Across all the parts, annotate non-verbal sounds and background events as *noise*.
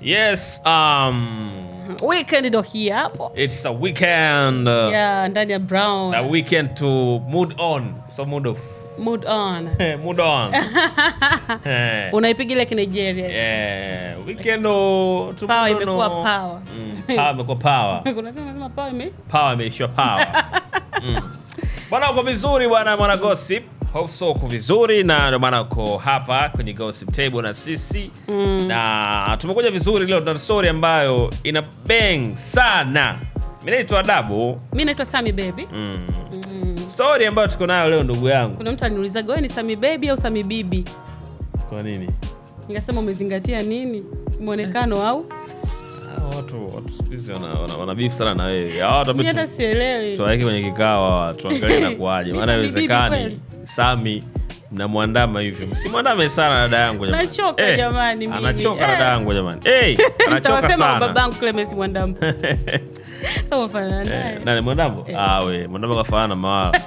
Yes, um, weekend ndo hii hapo. It's a weekend. Uh, yeah, ndani ya Brown. A weekend to mood on, so mood of Mood on. *laughs* Mood on. *laughs* Eh. unaipigile ile Nigeria. Yeah, weekend to mm, power imekuwa power. Mm, power imekuwa power. Kuna kama sema power me Power imeisha power. *laughs* Mm. Bwana uko vizuri bwana mwana gossip hauso uko vizuri, na ndio maana uko hapa kwenye Gossip Table na sisi mm. na tumekuja vizuri leo, tuna story ambayo ina beng sana. mi naitwa dabu mi naitwa Sami bebi mm. mm. story ambayo tuko nayo leo, ndugu yangu, kuna mtu aniulizaga we ni Sami bebi au Sami Bibi? Kwa nini? Nikasema umezingatia nini, mwonekano *laughs* au ah, watu siku hizi wana beef sana na wewe, hata sielewi. Tuwaweke kwenye kikao, tuangalie *laughs* inakuwaje, maana haiwezekani Sami namwandama hivyo, simwandame sana dada yangu jamani. Nachoka hey, eh, jamani mimi. Anachoka dada eh. yangu jamani. Hey, eh, *laughs* anachoka sana. Babangu Clemence mwandama. *laughs* *laughs* Hey, nani mwandambo? Hey. Ah, we mwandambo kafanana mawala.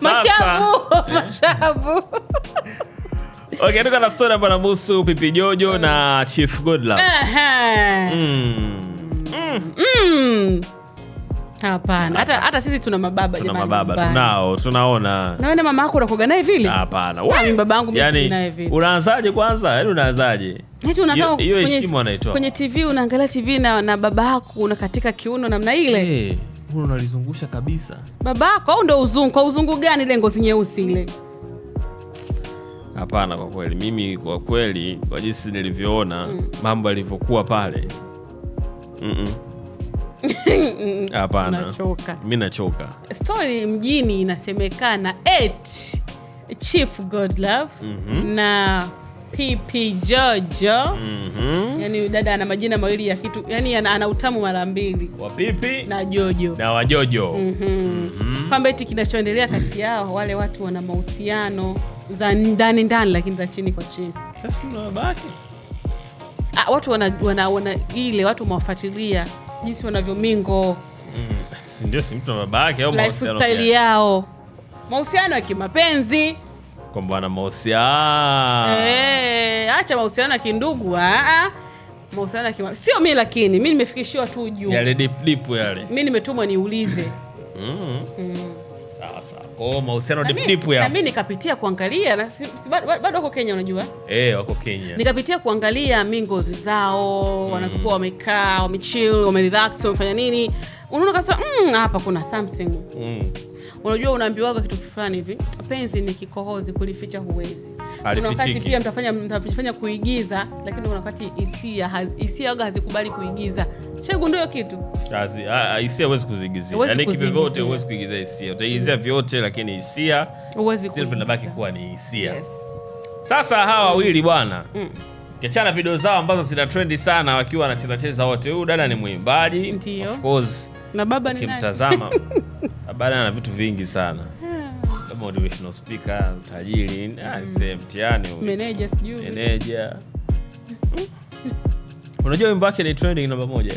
Mashavu, mashavu. Okay, tuko na story ambayo inahusu Pipi Jojo na Chief Godlove. mm. Mm. Mm. Hapana, hata hata sisi tuna mababa tuna jamani, mababa tunao, tunaona. Naona mama yako unakoga naye vile? Hapana, wewe baba yangu mimi yani, naye vile. Unaanzaje kwanza? Yaani unaanzaje? Eti yaani unakaa hiyo heshima anaitoa. Kwenye TV unaangalia TV na, na baba yako katika kiuno namna ile. Eh, hey, huo unalizungusha kabisa. Baba yako au ndo uzungu? Kwa uzungu gani ile ngozi nyeusi ile? Hapana, kwa kweli mimi kwa kweli kwa jinsi nilivyoona mm. mambo yalivyokuwa pale. Mm -mm. Hapana, mi nachoka. Stori mjini inasemekana et Chief Godlove mm -hmm. na PP Jojo mm -hmm. Yani dada ana majina mawili ya kitu, yani ana utamu mara mbili wa Pipi na Jojo na wajojo mm -hmm. mm -hmm. kwamba eti kinachoendelea kati yao wale watu wana mahusiano za ndani ndani, lakini za chini kwa chini. Sasa ah, watu wana, wana, wana ile watu wamewafuatilia jinsi wanavyomingo mm, ndio si mtu na baba yake au lifestyle yao, mahusiano ya kimapenzi kwamba ana mahusiano eh, acha mahusiano ya kindugu a ah, ah. mahusiano ya kima, sio mimi, lakini mimi nimefikishiwa tu juu yale deep deep yale, mimi nimetumwa niulize mm. Mm sasa Kwa oh, mahusiano deep ya. mimi nikapitia kuangalia na si, si, bado wako Kenya unajua? Eh, wako Kenya. Nikapitia kuangalia mingozi zao, mm. wanakuwa wamekaa, wamechill, wamerelax, wamefanya nini? Unaona kasa mm, hapa kuna something. Mm. Unajua unaambiwa kitu fulani hivi, penzi ni kikohozi, kulificha huwezi kuna wakati pia mtafanya mtafanya kuigiza, lakini kuna wakati hisia hisia waga hazikubali kuigiza. Shaigundua kitu hisia huwezi kuziigizia, yaani kivyote huwezi kuigiza hisia, utaigizia vyote, lakini hisia huwezi kuigiza, inabaki kuwa ni hisia. Yes. Sasa hawa wawili bwana mm. Kiachana video zao ambazo zina trendi sana wakiwa wanacheza cheza wote. Huyu dada ni mwimbaji of course, na baba ni nani? Kimtazama *laughs* baba ana vitu vingi sana motivational speaker, tajiri, mtiani mm. ah, meneja, sijui meneja. Unajua wimbo wake ni trending namba moja.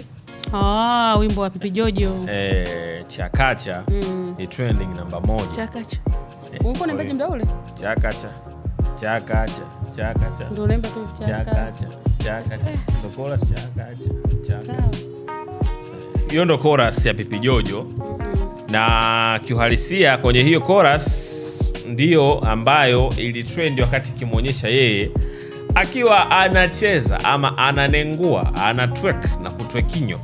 Ah, wimbo wa Pipi Jojo eh, chakacha mm. ni trending namba moja. Chakacha eh, uko na mbaji mdaule chakacha chakacha chakacha ndio lemba tu chakacha chakacha eh. ndio chorus chakacha chakacha, hiyo ndio chorus ya Pipi Jojo na kiuhalisia kwenye hiyo chorus ndiyo ambayo ilitrendi wakati ikimwonyesha yeye akiwa anacheza ama ananengua ana twek na kutwekinyo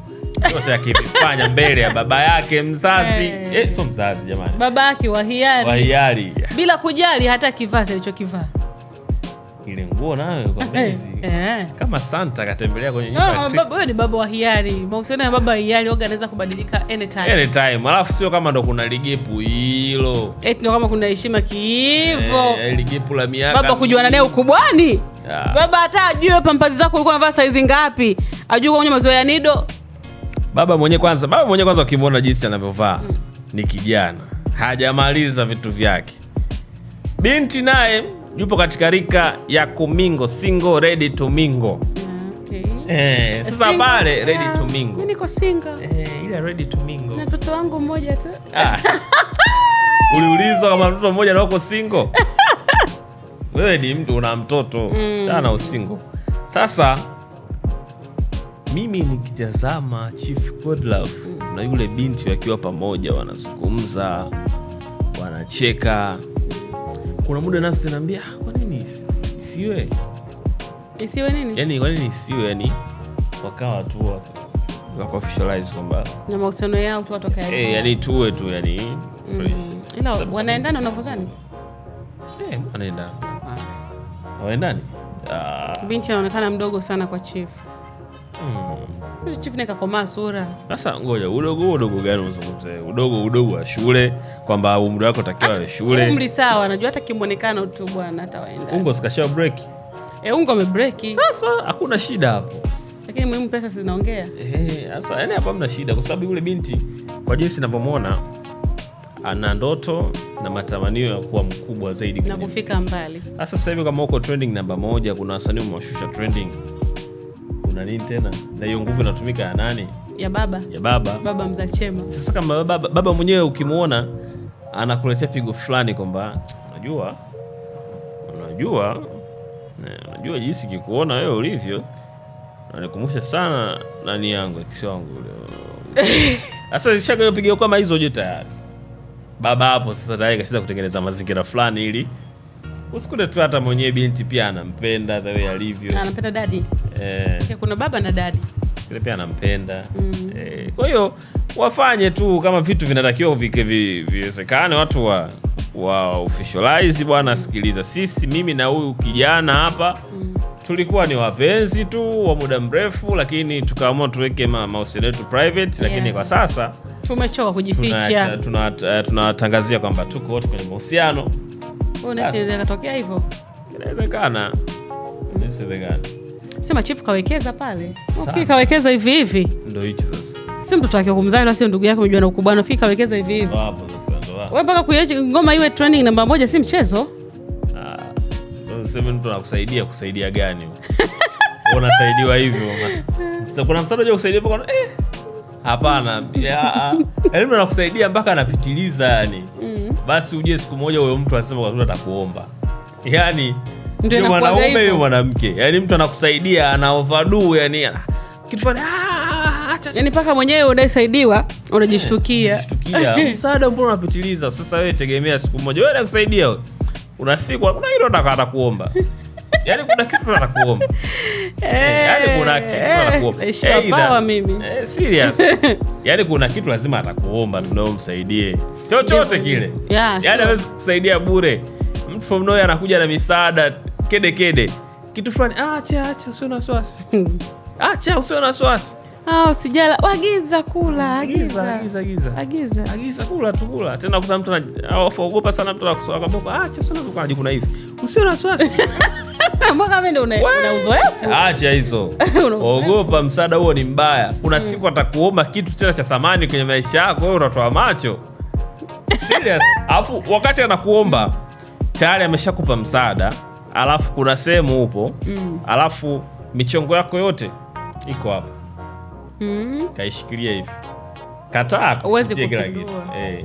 yote akivifanya *laughs* mbele ya baba yake mzazi hey. Eh, so mzazi jamani, baba yake wa hiari bila kujali hata kivaa alichokivaa ile nguo nayo kwa eh, mwezi eh, kama Santa katembelea kwenye nyumba. Huyo ah, ni baba wa hiari. Mahusiano ya baba wa hiari waga anaweza kubadilika anytime. Anytime. Alafu sio kama ndo kuna ligepu hilo. Eti ndo kama kuna heshima kiivo. Eh, ligepu la miaka. Baba kujuana naye ukubwani. Baba hata ajue pampazi zako ulikuwa unavaa saizi ngapi. Ajue kwa mazoea ya nido. Baba mwenyewe kwanza, baba mwenyewe kwanza ukimwona jinsi anavyovaa hmm, ni kijana. Hajamaliza vitu vyake. Binti naye yupo katika rika ya kumingo single ready to mingo Eh, sasa pale ready to Mimi niko single. Eh, ready to Na mtoto wangu mmoja tu. Ah. *laughs* Uliulizwa kama mtoto mmoja na uko single? *laughs* Wewe ni mtu una mtoto sana mm. Usingo sasa. Mimi nikitazama Chief Godlove na yule binti wakiwa pamoja, wanazungumza, wanacheka kuna muda nafsi naambia ah, yaani, kwa nini isiwe isiwe nini, yani kwa nini isiwe, yani wakawa tu wako officialize kwamba na mahusiano yao tu watoka yao, eh, yani tuwe tu yani mm. Mm-hmm. Ila wanaendana wanavyozani, eh, wanaenda ah. wanaendani. Binti anaonekana mdogo sana kwa chifu Hmm. Chifu kakoma sura. Sasa ngoja, udogo udogo gani Udogo udogo wa shule kwamba umri wako takiwa shule. Umri sawa, najua hata tu bwana hata waenda. Ungo break. Eh, ungo Sasa hakuna shida hapo. Lakini muhimu pesa zinaongea. Eh, sasa yani hapa shida kwa sababu yule binti kwa jinsi ninavyomwona ana ndoto na matamanio ya kuwa mkubwa zaidi na kufika mbali. Sasa hivi kama uko trending namba moja, kuna wasanii wamewashusha trending na nini tena, na hiyo nguvu inatumika ya nani? Ya baba, ya baba, baba mza chema. Sasa kama baba, baba mwenyewe ukimwona anakuletea pigo fulani kwamba unajua, unajua, unajua jinsi kikuona wewe ulivyo nanikumbusha sana nani yangu kisi wangu ule. *laughs* Sasa shaka pigo kama hizo je, tayari baba hapo sasa tayari kashaanza kutengeneza mazingira fulani ili Usikute tu hata mwenyewe binti pia anampenda the way alivyo. anampenda dadi. Eh. Kuna baba na dadi. Kile pia anampenda. Mm. Eh, kwa hiyo wafanye tu kama vitu vinatakiwa vike viwezekane watu wa wa officialize bwana. Sikiliza, sisi mimi na huyu kijana hapa mm. tulikuwa ni wapenzi tu wa muda mrefu, lakini tukaamua tuweke mahusiano yetu private, lakini yeah. kwa sasa tumechoka kujificha. Eh, tunawatangazia tuna, tuna, tuna kwamba tuko wote kwenye mahusiano katokea hivo inawezekana, inawezekana. Sema chifu kawekeza pale, kawekeza hivi hivi, sasa. Si mtoto wake kumzaa, sio ndugu yake, mjua na ukubwana, fikiri kawekeza hivi hivi wewe, mpaka kuiacha ngoma iwe trending namba moja, si mchezo. Ah, Sema mtu anakusaidia kusaidia gani? *laughs* Unasaidiwa hivyo, kuna msaada kusaidia eh, hapana, elimu *laughs* ah, ah. yaani anakusaidia mpaka anapitiliza yani mm basi uje siku moja huyo mtu asema kwa atakuomba. Yani ndio mwanaume huyo mwanamke, yani mtu anakusaidia ana overdue, yani ah, kitu pale ah, yani paka mwenyewe unaisaidiwa unajishtukia *laughs* msaada, mbona unapitiliza? Sasa wewe tegemea siku moja wewe nakusaidia, una siku kuna hilo atakaata kuomba yani kuna kitu anakuomba *laughs* eh, eh, yani kuna kitu anakuomba eh, mimi serious *laughs* yani kuna kitu lazima atakuomba tunao msaidie chochote kile yeah, yani sure. bure mtu from nowhere anakuja na misaada kede kede kitu fulani ah, acha acha usio na wasiwasi *laughs* acha usio na wasiwasi ah, sijala kula agiza agiza agiza agiza agiza kula tu kula tena, mtu anaogopa sana mtu anakusoa kwa boka, acha kuna hivi usio na wasiwasi *laughs* Acha hizo. *laughs* Ogopa msaada huo ni mbaya. Kuna mm. siku atakuomba kitu tena cha thamani kwenye maisha yako, wewe unatoa macho. *laughs* Alafu wakati anakuomba tayari ameshakupa msaada, alafu kuna sehemu upo, mm. alafu michongo yako yote iko hapo. Mm. Kaishikilia hivi kataa kufutia kila kitu eh,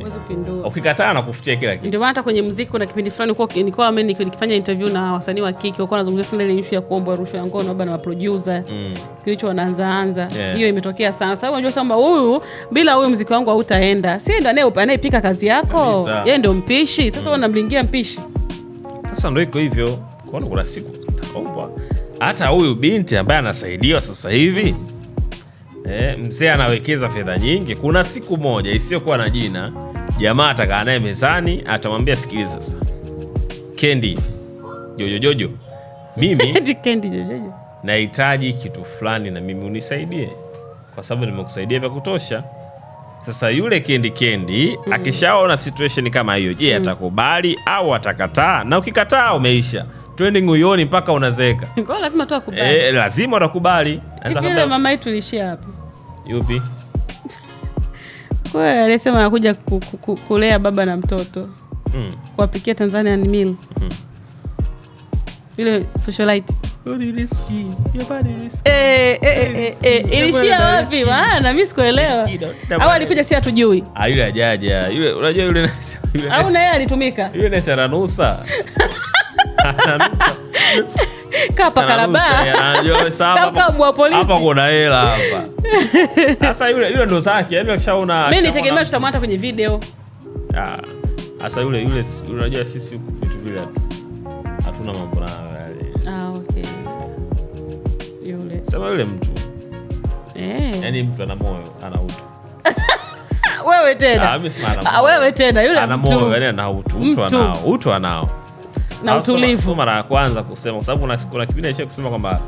ukikataa na kufutia kila kitu. Ndio maana hata kwenye muziki kuna kipindi fulani kwa nilikuwa mimi nikifanya interview na wasanii wa kike walikuwa wanazungumzia sana ile issue ya kuomba rushwa ya ngono na producer mm, kilicho wanaanza anza yeah. imetokea sana sababu unajua kwamba huyu bila huyu muziki wangu hautaenda, si ndio anayepika kazi yako yeye ndio mpishi sasa, mm, wanamlingia mpishi sasa, ndio iko hivyo. Kuna siku ataomba hata huyu binti ambaye anasaidiwa sasa hivi eh, mzee anawekeza fedha nyingi. Kuna siku moja isiyokuwa na jina, jamaa atakaa naye mezani, atamwambia sikiliza, sasa Kendi Jojojojo, mimi *laughs* nahitaji kitu fulani na mimi unisaidie, kwa sababu nimekusaidia vya kutosha. Sasa yule Kendi Kendi mm. akishaona situation kama hiyo, je, mm. atakubali au atakataa? Na ukikataa umeisha trending uyoni mpaka unazeeka. *laughs* Lazima tu akubali. Eh, lazima utakubali. Mama yetu ilishia hapo. Yupi? Kwa alisema anakuja kulea baba na mtoto mm. kuwapikia Tanzanian meal mm. ile socialite eh, eh, eh, ilishia wapi? Maana mi sikuelewa, au alikuja si hatujui. Ah, yule ajaja yule, unajua yule au na yeye alitumika yule, ananusa *laughs* kapa karabaahapa *laughs* kuna hela hapa *laughs* sasa. Yule yule ndo zake, yani akishaona mi nitegemea tutamwata kwenye video sasa. Yule yule unajua sisi vitu vile hatuna mambo nayo yale. Ah, okay. Yule sema yule mtu eh, yani mtu ana moyo ana utu *laughs* wewe tena ah, ah, wewe tena yule ana moyo yani ana utu utu anao utu anao na utulivu. Mara ya kwanza kusema, kwa sababu kuna kipindi aishia kusema kwamba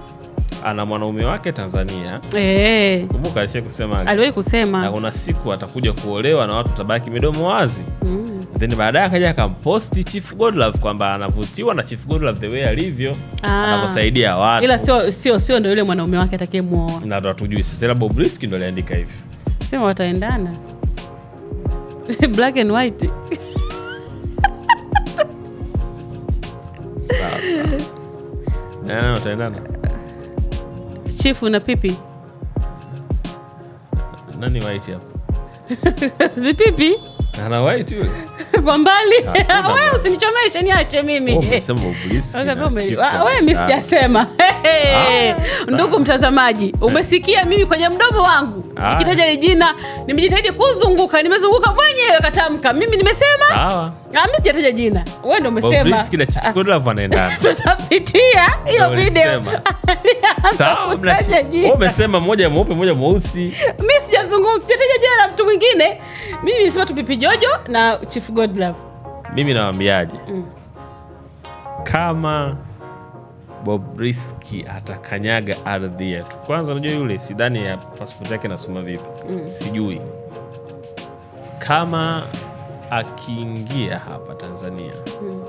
ana mwanaume wake Tanzania. Eh. kumbuka alishia kusema, aliwahi kusema na kuna siku atakuja kuolewa na watu tabaki midomo wazi mm. Then baadaye akaja akamposti Chief Godlove kwamba anavutiwa na Chief Godlove the way alivyo ah. anavyosaidia watu, ila sio sio sio ndio yule mwanaume wake atakayemwoa, na ndo hatujui sasa, ila Bobrisky ndo aliandika hivyo, sema wataendana *laughs* black and white Eh, eh, Chifu na pipi. Nani waiti hapo? Vipipi? *laughs* Ana white *laughs* Kwa mbali. Ah, *laughs* we usinichomeshe niache mimi. Oh, we mimi sijasema. Ah, ah, Ndugu mtazamaji, eh. umesikia mimi kwenye mdomo wangu nikitaja jina, nimejitahidi kuzunguka, nimezunguka mwenyewe katamka. Mimi nimesema? Ah, mimi sijataja jina, wewe ndio umesema ah. *laughs* hiyo video. *laughs* Umesema moja mweupe moja mweusi, sijazungumza, sijataja jina la mtu mwingine. Mimi nimesema tu Pipi Jojo na Chief Godlove. Mimi nawambiaje mm. kama Bobrisky atakanyaga ardhi yetu, kwanza unajua yule, sidhani ya pasipoti yake nasoma vipi? mm. sijui kama akiingia hapa Tanzania hmm.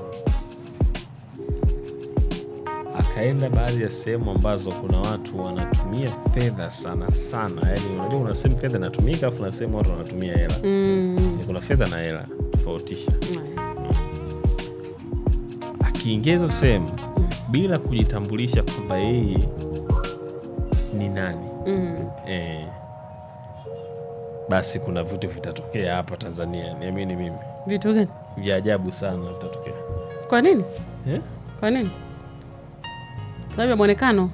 akaenda baadhi ya sehemu ambazo kuna watu wanatumia fedha sana sana, yani unajua kuna sehemu fedha inatumika afu na sehemu watu wanatumia hela hmm. kuna fedha na hela tofautisha hmm. akiingia hizo sehemu hmm. bila kujitambulisha kwamba yeye ni nani hmm. eh, basi kuna vitu vitatokea hapa Tanzania, niamini mimi. Vitu gani? Vya ajabu sana vitatokea. Kwa nini eh? Kwa nini? Sababu ya mwonekano.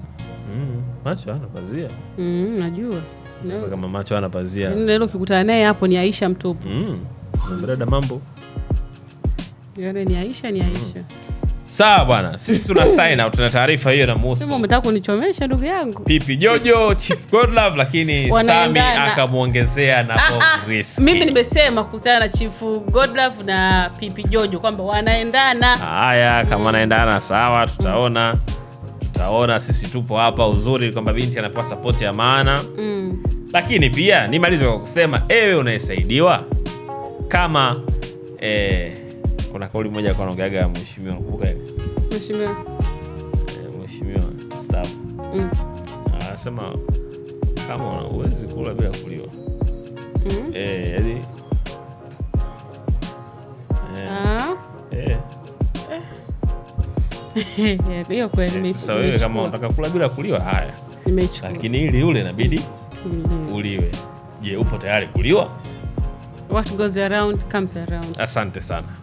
Mm, macho ana pazia. Mm, najua sasa kama macho ana pazia yaani leo ukikutana naye hapo ni Aisha mtupu. Mm, dada mambo yale ni Aisha, ni Aisha mm. Sawa bwana, sisi tuna sign out na taarifa hiyo na Musa. Sema umetaka kunichomesha ndugu yangu. Pipi Jojo, Chief Love lakini Sami akamuongezea na ah, ah, Bob Mimi nimesema kuhusiana na Chief Love na Pipi Jojo kwamba wanaendana. Haya, kama mm. wanaendana mm. Sawa, tutaona tutaona, sisi tupo hapa. Uzuri kwamba binti anapewa support ya maana mm. Lakini pia nimalize kwa kusema ewe unayesaidiwa kama eh, kuna kauli moja kwa kanaongeaga mheshimiwa, nakumbuka mheshimiwa eh, mheshimiwa mstaafu mm. anasema kama huwezi kula bila kuliwa mm. e, yaani, eh. Ah. *laughs* yaani sasa wewe kama unataka kula bila kuliwa, haya, nimechukua, lakini ili ule inabidi mm. uliwe. Je, upo tayari kuliwa? What goes around comes around. Asante sana.